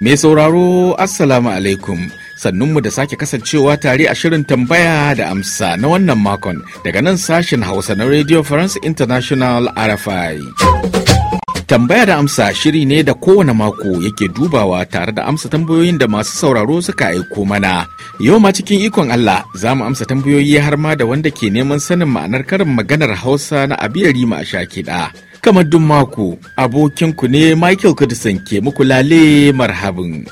Me sauraro Assalamu alaikum sannunmu da sake kasancewa tare a shirin tambaya da amsa na wannan makon daga nan sashen Hausa na Radio France International RFI. Tambaya da amsa shiri ne da kowane mako yake dubawa tare da amsa tambayoyin da masu sauraro suka aiko mana. Yau ma cikin ikon Allah za mu amsa tambayoyi har ma da wanda ke neman sanin ma'anar karin maganar Hausa na abiyari ma a sha kiɗa. Kamar duk mako abokinku ne Michael Kudisan ke muku lale marhabin.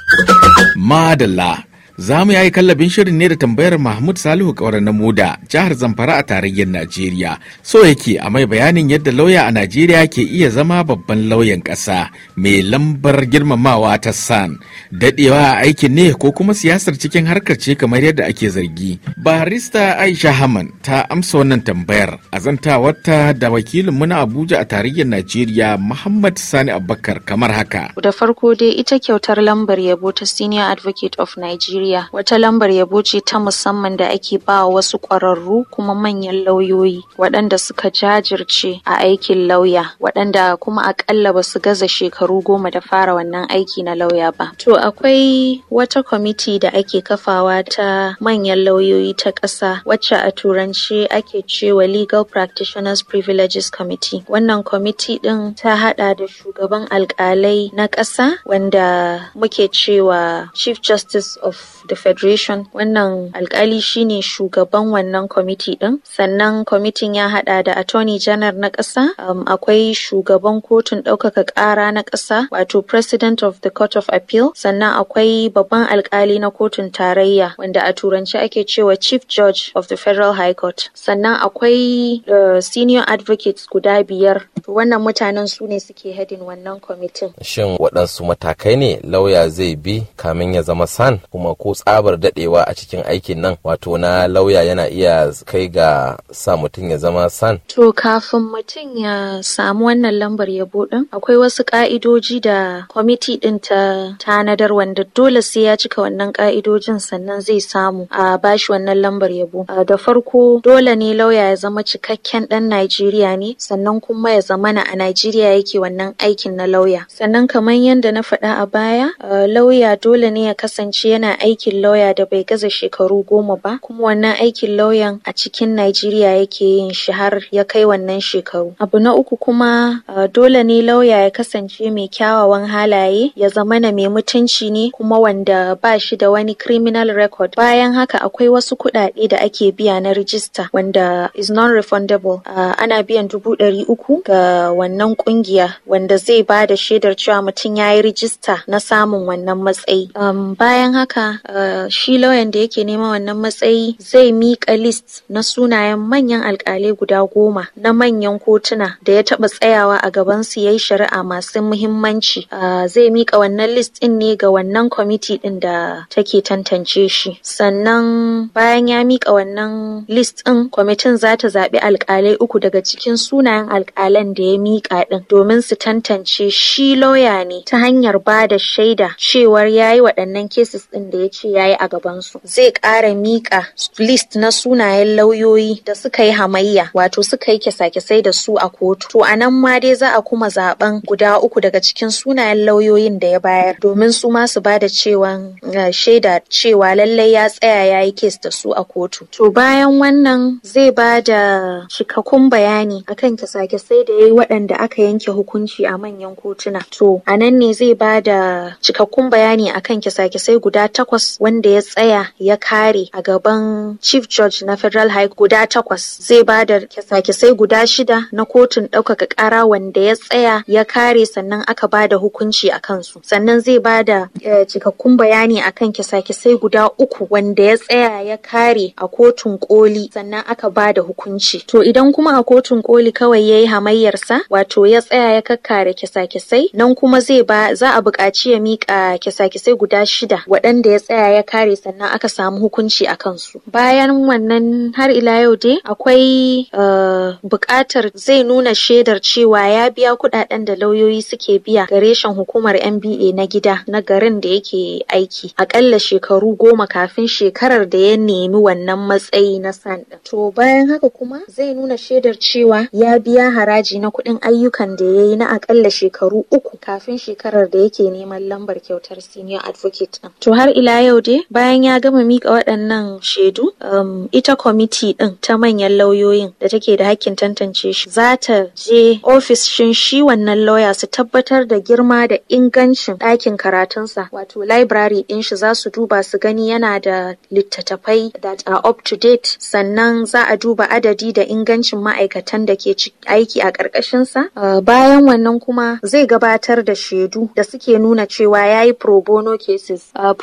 Madalla Za mu yayi kallabin shirin ne da tambayar Mahmud Salihu Kauran na Moda, jihar Zamfara a tarayyar Najeriya. So yake a mai bayanin yadda lauya a Najeriya ke iya zama babban lauyan ƙasa mai lambar girmamawa ta San. Dadewa a aikin ne ko kuma siyasar cikin harkar ce kamar yadda ake zargi. Barista Aisha Haman ta amsa wannan tambayar azantawarta da wakilin mu na Abuja a tarayyar Najeriya Muhammad Sani Abubakar kamar haka. Da farko dai ita kyautar lambar yabo ta Senior Advocate of Nigeria Najeriya wata lambar yabo ce ta musamman da ake ba wasu ƙwararru kuma manyan lauyoyi waɗanda suka jajirce a aikin lauya waɗanda kuma aƙalla ba su gaza shekaru goma da fara wannan aiki na lauya ba. To akwai wata kwamiti da ake kafawa ta manyan lauyoyi ta ƙasa wacce a turanci ake cewa Legal Practitioners Privileges Committee. Wannan kwamiti ɗin ta haɗa da shugaban alƙalai na ƙasa wanda muke cewa Chief Justice of the Federation wannan alkali shine shugaban wannan kwamiti din sannan kwamitin ya hada da Attorney General na ƙasa um, akwai shugaban kotun ɗaukaka ƙara na ƙasa wato President of the Court of Appeal sannan akwai babban alkali na kotun tarayya wanda a turanci ake cewa Chief Judge of the Federal High Court sannan akwai uh, Senior Advocates guda biyar wannan mutanen su ne suke hadin wannan kwamitin. Shin waɗansu matakai ne lauya zai bi kamin ya zama san kuma ko tsabar dadewa a cikin aikin nan wato na lauya yana iya kai ga sa mutum ya zama san to kafin mutum ya samu wannan lambar yabo din akwai wasu ka'idoji da kwamiti din ta tanadar wanda dole sai ya cika wannan ka'idojin sannan zai samu a bashi wannan lambar yabo da farko dole ne lauya ya zama cikakken dan Najeriya ne sannan kuma ya zamana a Najeriya yake wannan aikin na lauya sannan kamar yadda na faɗa a baya lauya dole ne ya kasance yana aiki aikin lauya da bai gaza shekaru goma ba, kuma wannan aikin lauyan a cikin Najeriya yake yin shi har ya kai wannan shekaru. Abu na uku kuma dole ne lauya ya kasance mai kyawawan halaye, ya zama na mai mutunci ne kuma wanda ba shi da wani criminal record. Bayan haka akwai wasu kuɗaɗe da ake biya na rijista wanda is non-refundable. ana biyan dubu ɗari uku ga wannan ƙungiya wanda zai ba da shaidar cewa mutum ya yi rijista na samun wannan matsayi. bayan haka Eh, shi lauyan da yake nema wannan matsayi zai miƙa list na sunayen manyan alƙalai guda goma na manyan kotuna da ya taɓa tsayawa a gaban su yayi shari'a masu muhimmanci eh, zai mika wannan list ɗin ne ga wannan kwamiti din da take tantance shi sannan bayan ya mika wannan list ɗin kwamitin za ta zaɓi alƙalai uku daga cikin sunayen alkalan da ya miƙa ɗin domin su tantance shi lauya ne ta hanyar ba da shaida cewar ya yi waɗannan kesis ɗin da yake ce ya yi a gabansu. Zai ƙara miƙa list na sunayen lauyoyi da suka yi hamayya wato suka yi kyasa-kyasai da su a kotu. To a nan ma dai za a kuma zaɓen guda uku daga cikin sunayen lauyoyin da ya bayar domin su ma su da cewa eh, shaida cewa lallai ya tsaya ya yi kes da su a kotu. To bayan wannan zai ba da cikakkun bayani akan kisa-kisai da ya yi waɗanda aka yanke hukunci a manyan kotuna. To a nan ne zai ba da cikakkun bayani akan kyasa-kyasai guda takwas wanda ya tsaya ya kare a gaban Chief Judge na Federal High guda takwas zai ba da kyasa guda shida na kotun ɗaukaka ƙara wanda ya tsaya ya kare sannan aka ba da hukunci a kansu. Sannan zai ba da eh, cikakkun bayani akan kisa-kisai guda uku wanda ya tsaya ya kare a kotun koli sannan aka ba da hukunci. To idan kuma a kotun koli kawai ya yi hamayyarsa wato ya tsaya ya kakkare kisa-kisai nan kuma zai ba za a buƙaci ya miƙa kisa-kisai guda shida waɗanda ya tsaya tsaya ya kare sannan aka samu hukunci a kansu bayan wannan har ila yau dai akwai eh, buƙatar zai nuna shaidar cewa ya biya kuɗaɗen da lauyoyi suke biya ga reshen hukumar NBA na gida na garin da yake aiki akalla shekaru goma kafin shekarar da ya nemi wannan matsayi na sanda. to bayan haka kuma zai nuna shaidar cewa ya biya haraji na kuɗin ayyukan da ya yi na akalla shekaru uku kafin shekarar da yake neman lambar kyautar senior advocate to har ila yau dai bayan ya gama mika waɗannan shaidu um, ita kwamiti ɗin ta manyan lauyoyin da take da hakkin tantance shi za ta je ofishin shi wannan lauya su tabbatar da girma da ingancin ɗakin karatunsa wato library ɗin shi za su duba su gani yana da littattafai that are up to date sannan za a duba adadi da ingancin ma'aikatan da ke aiki a ƙarƙashinsa uh, bayan wannan kuma zai gabatar da shaidu da suke nuna cewa ya yi pro cases uh,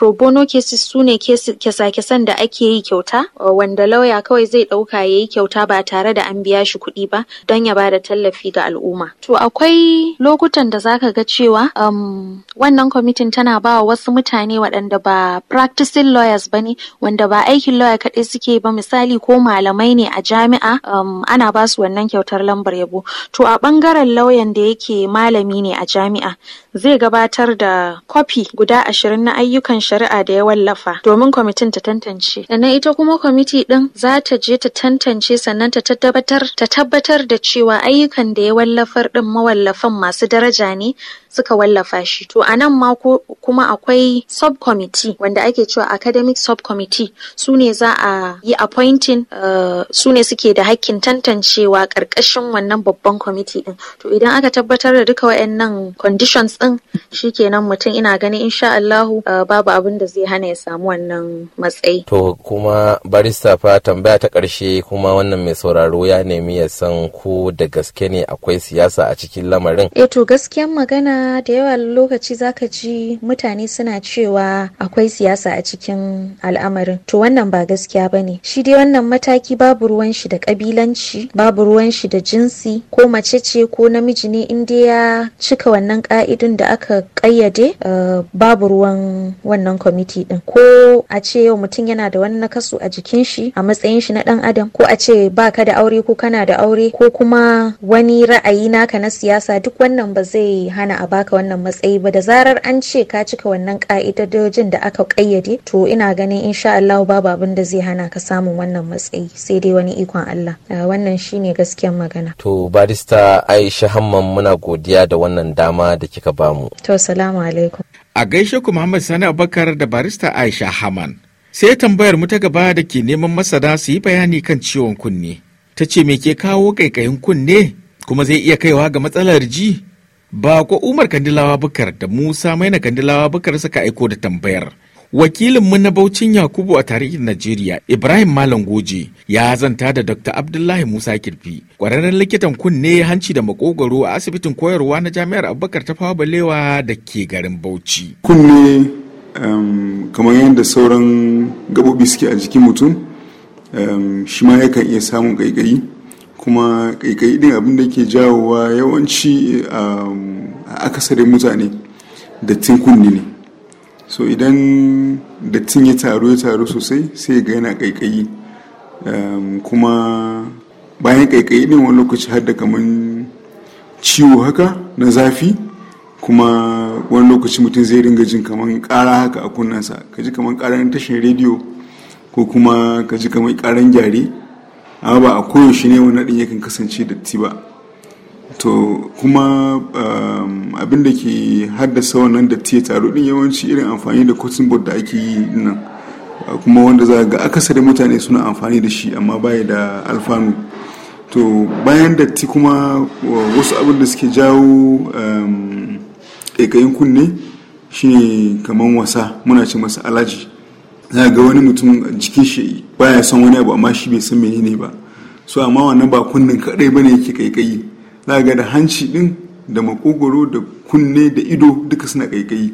cases su ne kyasa-kyasan da ake yi kyauta wanda lauya kawai zai ɗauka ya yi kyauta ba tare da an biya shi kuɗi ba don ya bada tallafi ga al'umma. To akwai lokutan da zaka ga cewa um, wannan kwamitin tana ba wasu mutane waɗanda ba practicing lawyers ba ne wanda ba aikin lawyer kaɗai suke ba misali ko malamai ne a jami'a um, ana ba su wannan kyautar lambar yabo. To a ɓangaren lauyan da yake malami ne a jami'a zai gabatar da kwafi guda ashirin na ayyukan shari'a da ya wallafa domin kwamitin ta tantance sannan ita kuma kwamiti ɗin za ta je ta tantance sannan ta tabbatar ta tabbatar da cewa ayyukan da ya wallafar ɗin mawallafan masu daraja ne suka wallafa shi to a nan ma kuma akwai subcommittee wanda ake cewa academic subcommittee su ne za a yi appointing eh, su ne suke da hakkin tantancewa karkashin wannan babban committee. din to idan aka tabbatar da duka wayannan conditions din shikenan mutum ina ganin insha Allahu eh, babu abin da zai hana ya samu wannan matsayi to kuma barista fa tambaya ta karshe kuma wannan mai sauraro ya nemi ya san ko da gaske ne akwai siyasa a cikin lamarin eh to gaskiyan magana da yawa lokaci zaka ji mutane suna cewa akwai siyasa a cikin al'amarin to wannan ba gaskiya bane shi dai wannan mataki babu ruwan shi da kabilanci babu ruwan shi da jinsi ko mace ce ko namiji ne in dai ya cika wannan ka'idun da aka kayyade eh, babu ruwan wannan kwamiti din ko a ce yau mutum yana da wani nakasu a jikin shi a matsayin shi na dan adam ko a ce baka da aure ko kana da aure ko kuma wani ra'ayi naka na siyasa duk wannan ba zai hana a baka wannan matsayi ba da zarar an ce ka cika wannan ka'idojin da aka kayyade to ina ganin insha Allah babu abin da zai hana ka samun wannan matsayi sai dai wani ikon Allah ah, wannan shine gaskiyar magana to barista Aisha Hamman muna godiya da wannan dama da kika bamu to assalamu alaikum a gaishe ku Muhammad Sani Abubakar da barista Aisha haman sai tambayar mu ta gaba da ke neman masana su yi bayani kan ciwon kunne ta ce me ke kawo kaikayin kunne kuma zai iya kaiwa ga matsalar ji Bako Umar Kandilawa bakar da Musa Maina Kandilawa Bukar suka aiko da tambayar. wakilin mu na Baucin Yakubu a tarihin Najeriya, Ibrahim Malam Goje, ya zanta da Dr. Abdullahi Musa Kirfi, ƙwararren likitan kunne hanci da makogwaro a asibitin koyarwa na Jami'ar Abubakar ta Fawa Balewa da ke garin Bauchi. Kunne um, kamar yadda sauran gabobi suke a jikin mutum, shi ma yakan iya samun gaigayi kuma kai din abin da ke jawowa yawanci a um, akasarin mutane dattin kunni ne so idan dattin ya taru ya taru sosai sai ga yana kaikayi um, kuma bayan kaikayi din wani lokaci har da kamar ciwo haka na zafi kuma wani lokaci mutum zai ringa jin kamar kara haka a kunnansa ka ji kamar karan tashin rediyo ko kuma ka ji kamar karan gyare amma ba a koyaushe ne wani ɗin yakan kasance datti ba to kuma um, abin da ke haddasa wannan datti ya taru ɗin yawanci irin amfani da cotton board da ake yi nan kuma wanda za ga akasari mutane suna amfani da shi amma baya da alfanu to bayan datti kuma wasu abin da suke jawo um, ƙaiƙayin kunne shine kamar wasa muna ce masa alaji za ga wani mutum jikin shi baya son wani abu amma shi bai san menene ba so amma wannan ba kunnen kadai bane yake kaikayi za ga da hanci din da makogoro da kunne da ido duka suna kaikayi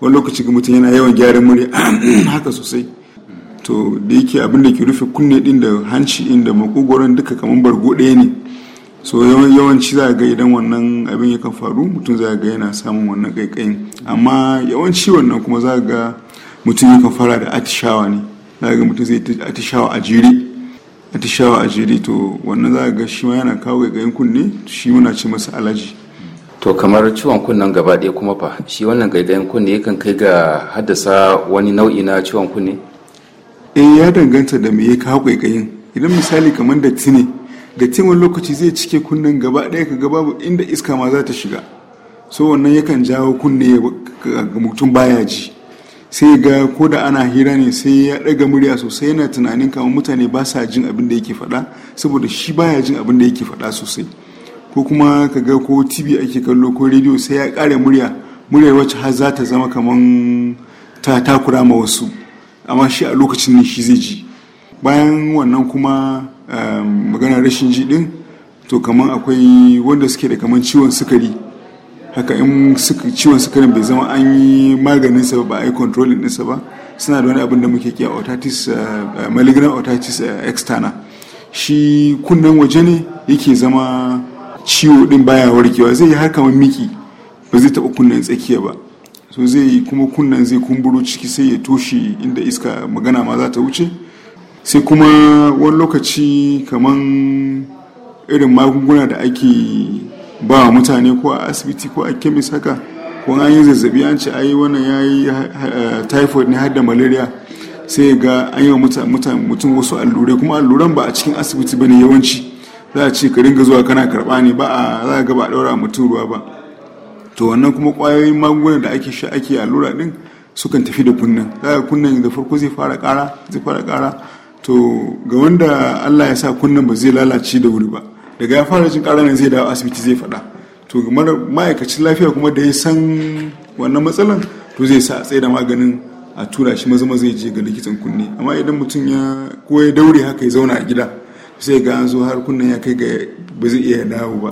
wani lokaci ga mutum yana yawan gyaran murya haka sosai to da yake abin da ke rufe kunne din da hanci din da makogoron duka kamar bargo ɗaya ne so yawanci za ga idan wannan abin ya kan faru mutum za ga yana samun wannan kaikayin amma yawanci wannan kuma za ga mutum ya kan fara da atishawa ne za ga mutum zai atishawa a jiri atishawa a jere to wannan za ga shi ma yana kawo gagayen kunne shi muna ce masa alaji to kamar ciwon kunnen gaba ɗaya kuma fa shi wannan gagayen kunne yakan kai ga haddasa wani nau'i na ciwon kunne eh ya danganta da me ya kawo gagayen idan misali kamar da tine da wani lokaci zai cike kunnen gaba ɗaya ka gaba inda iska ma za ta shiga so wannan yakan jawo kunne ga mutum baya ji sai ga ko da ana hira ne sai ya ɗaga murya sosai yana tunanin kamar mutane ba sa jin abin da yake faɗa saboda shi baya jin abin da yake faɗa sosai ko kuma ka ga ko tv ake kallo ko rediyo sai ya ƙara murya muryar wacce har za ta zama kaman ta takura ma wasu amma shi a lokacin ne shi zai ji bayan wannan kuma eh, maganar rashin ji din to kaman akwai wanda suke da kaman ciwon sukari haka in ciwon sukarin bai zama an yi maganin sa ba a yi controlling ɗinsa ba suna da wani abin da muke kiya otitis eh, malignant otitis eh, externa shi kunnen waje ne yake zama ciwo din baya warkewa zai yi har kamar miki ba zai taɓa kunnen tsakiya ba so zai yi kuma kunnen zai kumburo ciki sai ya toshe inda iska magana ma za ta wuce sai kuma wani lokaci kaman irin magunguna da ake ba mutane ko a asibiti ko a kemis haka ko an yi zazzabi an ce ayi wannan ya yi typhoid ne har da malaria sai ga an yi mutum wasu allurai kuma alluran ba a cikin asibiti ba ne yawanci za a ce ka ringa zuwa kana karba ne ba a za ga ba daura mutum ruwa ba to wannan kuma kwayoyin magunguna da ake sha ake allura din sukan tafi da kunnan za ga kunnan da farko zai fara kara zai fara kara to ga wanda allah ya sa kunnan ba zai lalace da wuri ba daga ya fara jin ƙara zai dawo asibiti zai faɗa to ma'aikacin lafiya kuma da ya san wannan matsalan to zai sa a tsaye da maganin a tura shi maza zai je ga likitan kunne amma idan mutum ya ko ya daure haka ya zauna a gida sai ga an zo har kunnen ya kai ga ba zai iya dawo ba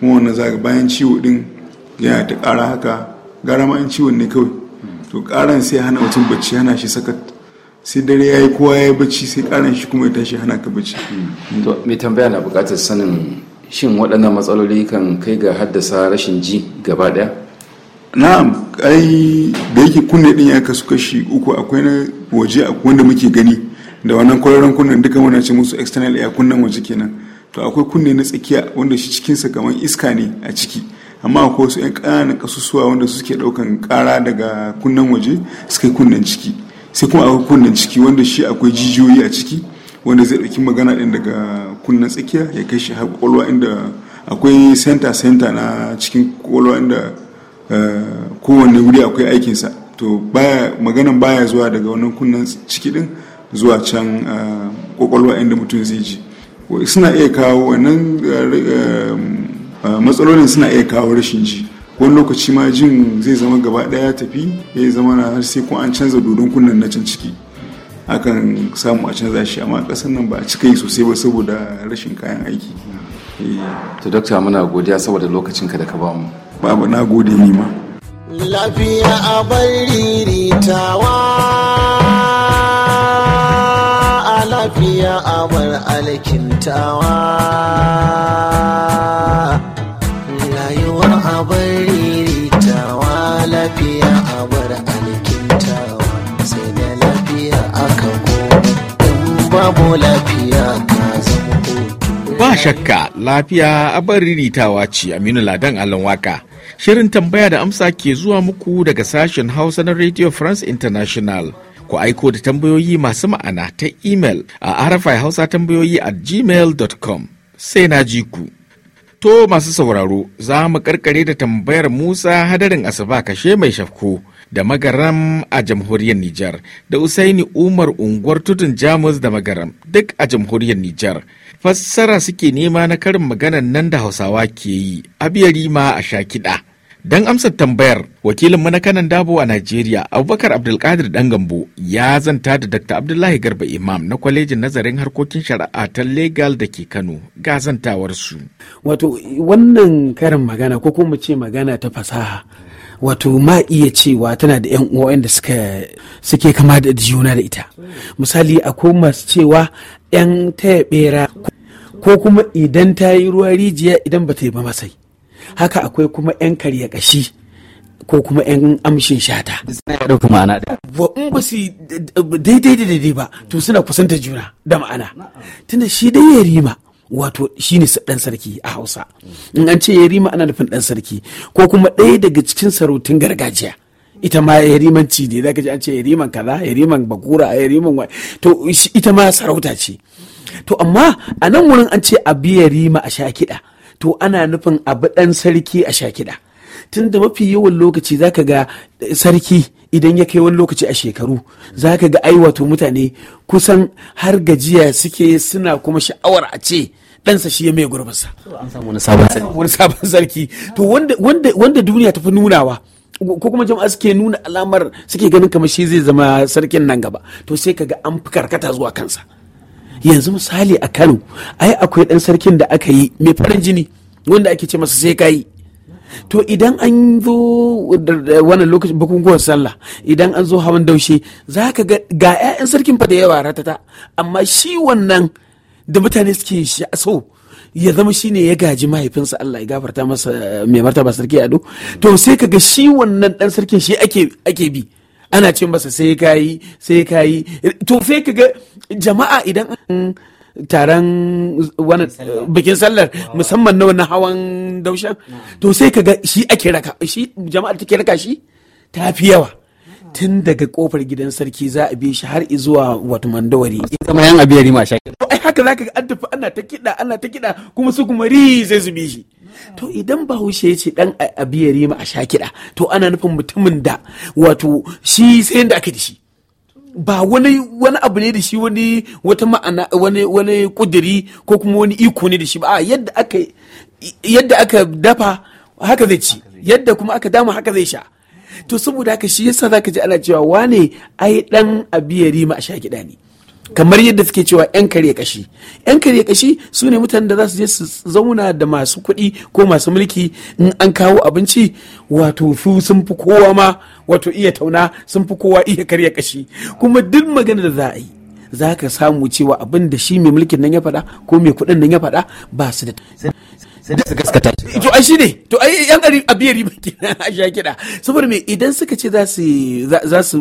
kuma wannan zaga bayan ciwo din ya ta ƙara haka gara ma ciwon ne kawai to ƙaran sai hana mutum bacci hana shi sakat sai dare ya yi kowa ya yi bacci sai karin shi kuma ya tashi hana ka bacci mai tambaya na bukatar sanin shin waɗannan matsaloli kan kai ga haddasa rashin ji gaba ɗaya na'am ai da yake kunne din ya kasu kashi uku akwai na waje wanda muke gani da wannan kwararren kunnen duka muna ce musu external air kunnen waje kenan to akwai kunne na tsakiya wanda shi cikinsa kamar iska ne a ciki amma akwai wasu 'yan ƙananan kasusuwa wanda suke ɗaukan ƙara daga kunnen waje suka kunnen ciki sai kuma akwai kunnen ciki wanda shi akwai jijiyoyi a ciki wanda zai ɗauki magana din daga kunnen tsakiya ya kai shi har kwakwalwa inda akwai center center na cikin kwakwalwa inda eh, kowanne wuri akwai aikinsa to baya maganan baya zuwa daga wannan kunnen ciki din zuwa can kwakwalwa eh, inda mutum zai ji suna iya kawo wannan eh, matsalolin suna iya kawo rashin ji wani lokaci ma jin zai zama gaba daya tafi ya zama na har sai ko an canza dodon kunnen na can ciki akan samu a canza shi amma kasan nan ba a cika yi sosai ba saboda rashin kayan aiki eh. to dokta muna godiya saboda lokacin ka da ka bamu. mu babu na gode ni ma lafiya a riritawa, a lafiya a bar alkintawa shakka lafiya abar riritawa ce Aminu Ladan allon Waka. Shirin tambaya da amsa ke zuwa muku daga sashen Hausa na Radio France International. Ku aiko da tambayoyi masu ma'ana ta email a arafai hausa tambayoyi a gmail.com sai na ji ku. To masu sauraro za mu karkare da tambayar Musa hadarin asuba kashe mai shafko. da magaram a jamhuriyar Nijar da Usaini Umar unguwar tudun Jamus da magaram duk a jamhuriyar Nijar. Fassara suke nema na karin maganar nan da Hausawa ke yi, abiyari ma a sha kiɗa. Don amsar tambayar wakilin mu na kanan dabo a Najeriya Abubakar Abdulkadir Dan Gambo ya zanta da Dr. Abdullahi Garba Imam na kwalejin nazarin harkokin shari'a ta Legal da ke Kano ga zantawarsu Wato wannan karin magana ko kuma ce magana ta fasaha wato ma iya cewa tana da yan uwa da suke kama da juna da ita misali akwai masu cewa yan taya bera ko kuma idan ta yi ruwa rijiya idan ba ta yi ba masai haka akwai kuma yan karya kashi ko kuma 'yan amshin shata. In ba su eh, eh, daidai da daidai ba, to suna kusanta juna da ma'ana. Tunda shi dai ya rima, wato shine ɗan sarki a hausa in an ce yarima ana nufin ɗan sarki ko kuma ɗaya daga cikin sarautun gargajiya ita ma ci ne za ka ji an ce yariman kaza yariman bakura yariman wa to ita ma sarauta ce to amma a nan wurin an ce a bi yarima a sha to ana nufin abu ɗan sarki a sha tunda mafi yawan lokaci za ka ga sarki idan ya kai wani lokaci a shekaru za ka ga aiwato mutane kusan har gajiya suke suna kuma sha'awar a ce ɗansa shi ya mai gurbinsa. Wani sabon sarki. To wanda duniya ta fi nunawa. ko kuma jama'a suke nuna alamar suke ganin kamar shi zai zama sarkin nan gaba to sai ka ga an fi karkata zuwa kansa yanzu misali a kano ai akwai ɗan sarkin da aka yi mai farin jini wanda ake ce masa sai ka yi. to idan an zo wannan lokacin bukukuwan sallah idan an zo hawan daushe za ka ga ga 'ya'yan sarkin fa da yawa ratata amma shi wannan da mutane suke so ya zama shi ne ya gaji mahaifinsa Allah ya gafarta masa mai martaba sarki ado to sai ka ga shi wannan dan sarkin shi ake bi ana ce masa sai kayi sai kayi to sai ka ga jama'a idan taron bikin sallar ah. musamman nawa na hawan daushen to sai ka ga shi ake raka shi jama'ar take raka shi ta fi yawa tun daga kofar gidan sarki za a bi shi har zuwa wato mandawari zama yan abiyar rima sha ai haka zaka ga an tafi ana ta kiɗa ana ta kiɗa kuma su kuma ri sai su bi shi to idan bahaushe ya ce dan abiyar rima a sha kiɗa to ana nufin mutumin da wato shi sai da aka da shi ba wani wani abu ne da shi wani wata ma'ana wani wani kudiri ko kuma wani iko ne da shi ba yadda aka yadda aka dafa haka zai ci yadda kuma aka dama haka zai sha to saboda haka shi yasa zaka ji ana cewa wane ai dan abiyari ma a sha gida ne kamar yadda suke cewa 'yan karya kashi 'yan karya kashi su ne mutanen da za su je su zauna da masu kuɗi ko masu mulki in an kawo abinci wato su sun fi kowa ma wato iya tauna sun fi kowa iya karya kashi kuma duk magana da za a yi za ka samu cewa abin da shi mai mulkin nan ya faɗa ko mai kuɗin nan ya faɗa ba su da su gaskata to ai shine to ai yan gari a biyar riba kenan a sha saboda me idan suka ce za su za su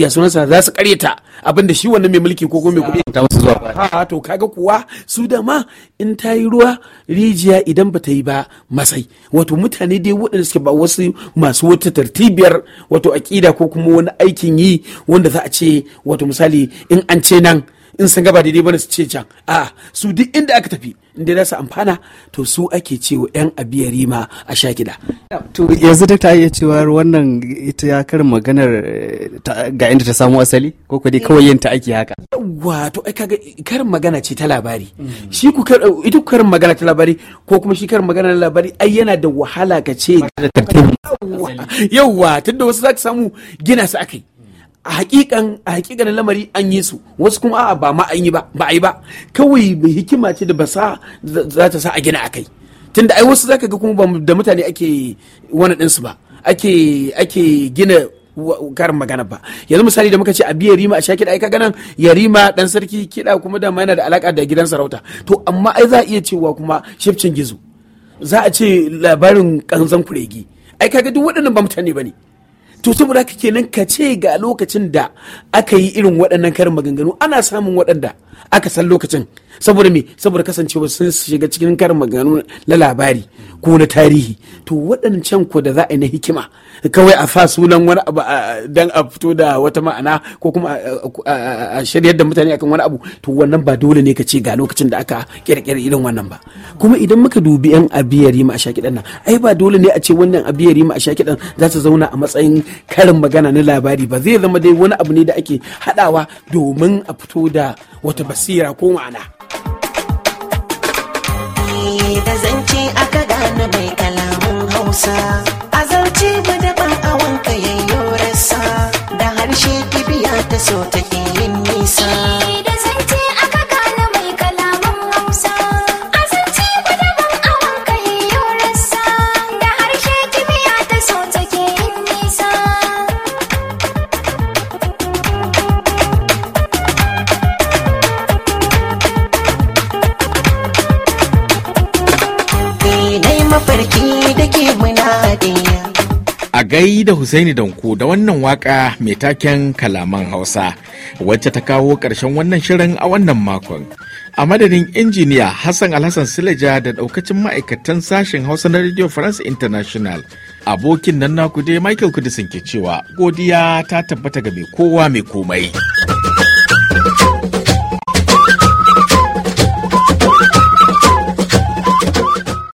ya sa za su karyata abinda shi wannan mai mulki ko kuma mai kuɗi ta wasu zuwa ba. ha to kaga kuwa su da ma in ta yi ruwa rijiya idan ba ta yi ba masai wato mutane dai waɗanda suke ba wasu masu wata tartibiyar wato aƙida ko kuma wani aikin yi wanda za a ce wato misali in an ce nan in sun gaba daidai bane su ce can a su duk inda aka tafi inda za su amfana to su ake cewa yan abiya rima a sha gida. to yanzu duk ta iya cewa wannan ita ya karin maganar eh, ga inda ta samu asali ko ku dai kawai yin ta ake haka. wato ai kaga karin magana ce ta labari shi ku ita karin magana ta labari ko kuma shi karin magana ta labari ai yana da wahala ka ce yauwa tunda wasu za ka samu gina su yi. a hakikan a hakikan lamari an yi su wasu kuma a ba ma an yi ba ba a yi ba kawai mai hikima ce da ba sa za ta sa a gina akai tunda ai wasu zaka ga kuma ba da mutane ake wani ɗinsu ba ake ake gina karin magana ba yanzu misali da muka ce a biya rima a sha kiɗa ai kaga nan ya rima dan sarki kiɗa kuma da yana da alaka da gidan sarauta to amma ai za a iya cewa kuma shifcin gizo za a ce labarin kanzan kuregi ai kaga duk waɗannan ba mutane bane to saboda haka kenan ka ce ga lokacin da aka yi irin waɗannan karin maganganu ana samun waɗanda aka san lokacin saboda me saboda kasancewa sun shiga cikin karin maganganu na labari ko na tarihi to waɗancan ku da za a yi na hikima kawai a sa sunan wani abu dan a fito da wata ma'ana ko kuma a shiryar da mutane akan wani abu to wannan ba dole ne ka ce ga lokacin da aka kirkira irin wannan ba kuma idan muka dubi yan yi ma a nan ai ba dole ne a ce wannan yi ma a za su zauna a matsayin karin magana na labari ba zai zama dai wani abu ne da ake haɗawa domin a fito da wata basira ko ma'ana. ne da zance aka gane bai kalamun hausa a zance ba daban a wanka yayyo rasa da harshe bibiya ta so take yin nisa gai da Husaini Danko da wannan waka mai taken kalaman Hausa wacce ta kawo ƙarshen wannan shirin a wannan makon. A madadin injiniya Hassan Alhassan Sileja da ɗaukacin ma'aikatan sashen Hausa na Radio France International, abokin nan naku dai Michael Kudisin ke cewa godiya ta tabbata ga mai kowa mai komai.